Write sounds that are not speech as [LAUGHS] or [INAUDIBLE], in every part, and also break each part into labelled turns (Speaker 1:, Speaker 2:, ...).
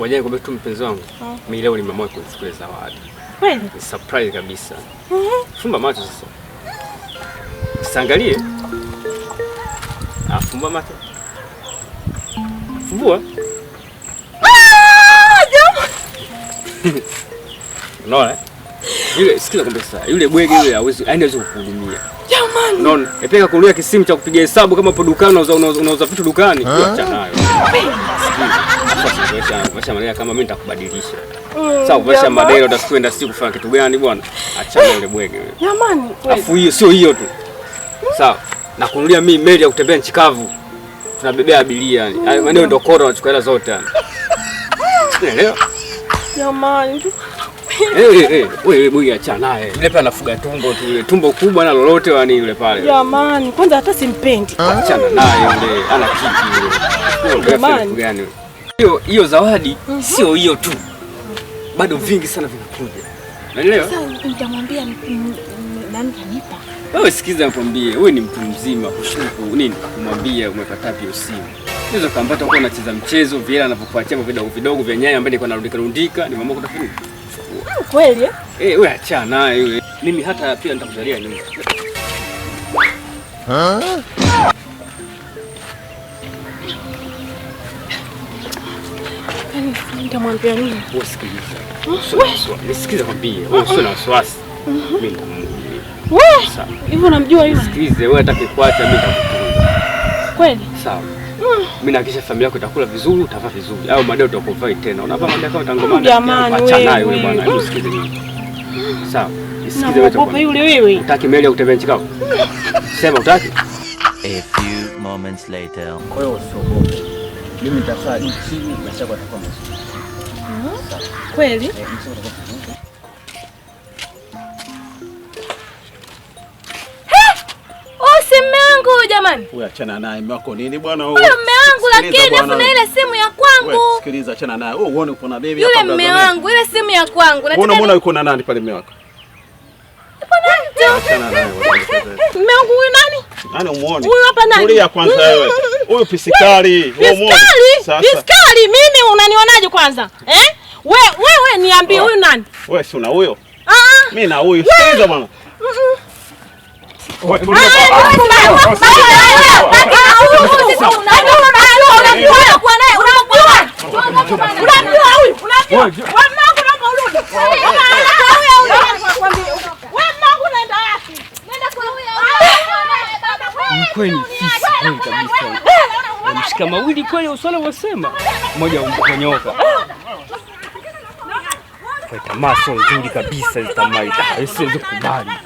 Speaker 1: Wajani kwa mtu mpenzi wangu, mimi ah. leo nimeamua kuchukua zawadi. Kweli? surprise kabisa. Mhm. Mm, Fumba macho sasa. Usiangalie. Ah, fumba macho. Fumbua.
Speaker 2: Ah!
Speaker 1: Unaona? Eh? Yule sikiza kwambia sasa, yule bwege yule hawezi, yani hawezi kukuhudumia. Jamani. No, Epeka eh, kulia kisimu cha kupiga hesabu kama upo dukani unauza unauza vitu dukani, acha nayo. Sikiza maisha kama mimi nitakubadilisha. Sasa kuvaisha madera utakwenda si kufanya kitu gani bwana? Achana ile bwege Jamani Afu hiyo sio hiyo tu. Sawa. Na mimi meli ya kutembea nchi kavu. Tunabebea abiria yani. Hayo maneno ndio kora unachukua hela zote yani. Unaelewa?
Speaker 2: Jamani.
Speaker 1: Eh eh, eh wewe bwege achana naye. Yule pale anafuga tumbo tu yule tumbo kubwa na lolote yani yule pale.
Speaker 2: Jamani, kwanza hata simpendi.
Speaker 1: Achana naye yule. Ana kiki yule. Jamani hiyo hiyo zawadi mm -hmm. Sio hiyo tu, bado vingi sana vinakuja, unaelewa?
Speaker 2: Sasa nitamwambia nani kanipa
Speaker 1: wewe. Sikiza nikwambie, wewe ni mtu mzima, kushuku nini kumwambia umepata hiyo simu. hizo kampata kwa anacheza mchezo vile anapokuachia anavyokuachia vidogo vidogo vya nyanya ambaye nilikuwa karundika ni mambo kutafuta
Speaker 2: ah, kweli. Eh,
Speaker 1: Eh, wewe acha naye wewe. mimi hata pia nitakuzalia nyumba.
Speaker 2: Nitamwambia nini?
Speaker 1: Sikiliza, kwambie usiwe na wasiwasi.
Speaker 2: Hivyo namjua yule.
Speaker 1: Sikilize wewe, hataki mimi nitakutunza. Kweli? Sawa. Mimi nahakisha familia yako itakula vizuri, utavaa vizuri. Au madai utakovai tena. Unavaa madai kama utangomana. Jamani wewe. Yule bwana, usikilize mimi. Sawa.
Speaker 2: Sikiliza wewe. Nakuogopa yule wewe.
Speaker 1: Utaki meli ya kutembea nchi kavu? Sema utaki. A few moments later. Kwa hiyo usiogope mimi nitafanya chini na chako atakuwa
Speaker 2: Kweli? Eh, oh, jamani.
Speaker 1: Wewe achana naye mume wako nini bwana huyo?
Speaker 2: mume wangu lakini afu na ile simu ya kwangu. Wewe
Speaker 1: sikiliza achana naye. Wewe uone uko na bibi
Speaker 2: hapa Yule mume wangu ile simu ya kwangu.
Speaker 1: Unataka mbona uko na nani pale mume wako? Yuko na mtu.
Speaker 2: Mume wangu huyu nani? Nani umuone? Huyu hapa nani?
Speaker 1: Tulia kwanza wewe. Huyu pisikali.
Speaker 2: Pisikali mimi unanionaje kwanza? Eh? We, wewe niambie huyu nani?
Speaker 1: Wewe si una huyo? Ah ah. Mimi na huyu. Sikiliza bwana. Mkweni fisi kweli kabisa mashika mawili kweli usala wasema moja ukonyoka kwa tamaa nzuri kabisa, tamaa siwezi kubali.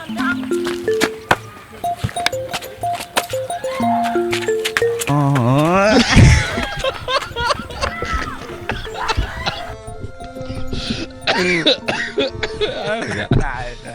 Speaker 1: [LAUGHS]